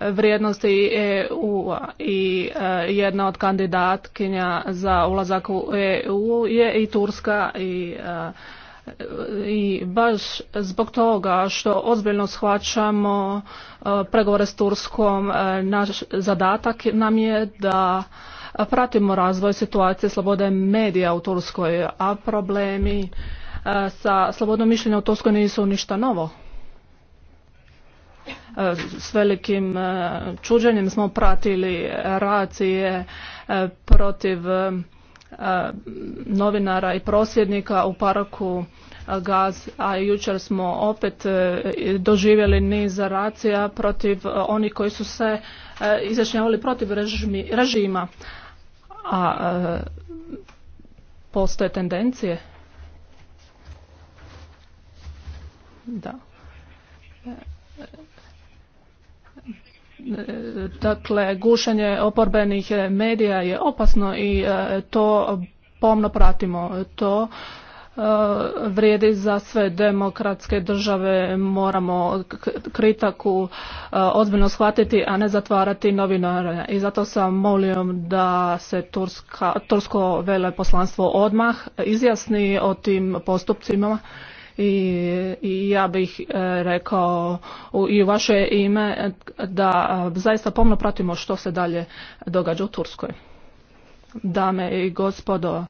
vrijednosti EU i e, jedna od kandidatkinja za ulazak u EU je i Turska i e, i baš zbog toga što ozbiljno shvaćamo e, pregovore s Turskom, naš zadatak nam je da pratimo razvoj situacije slobode medija u Turskoj, a problemi sa slobodnom mišljenja u Turskoj nisu ništa novo. E, s velikim e, čuđenjem smo pratili racije e, protiv novinara i prosvjednika u paraku Gaz, a jučer smo opet doživjeli niz racija protiv onih koji su se izjašnjavali protiv režima. A postoje tendencije? Da. Dakle, gušenje oporbenih medija je opasno i e, to pomno pratimo. To e, vrijedi za sve demokratske države. Moramo kritaku e, ozbiljno shvatiti, a ne zatvarati novinare. I zato sam molio da se Tursko veleposlanstvo odmah izjasni o tim postupcima i, ja bih e, rekao i u vaše ime e, da e, zaista pomno pratimo što se dalje događa u Turskoj. Dame i gospodo,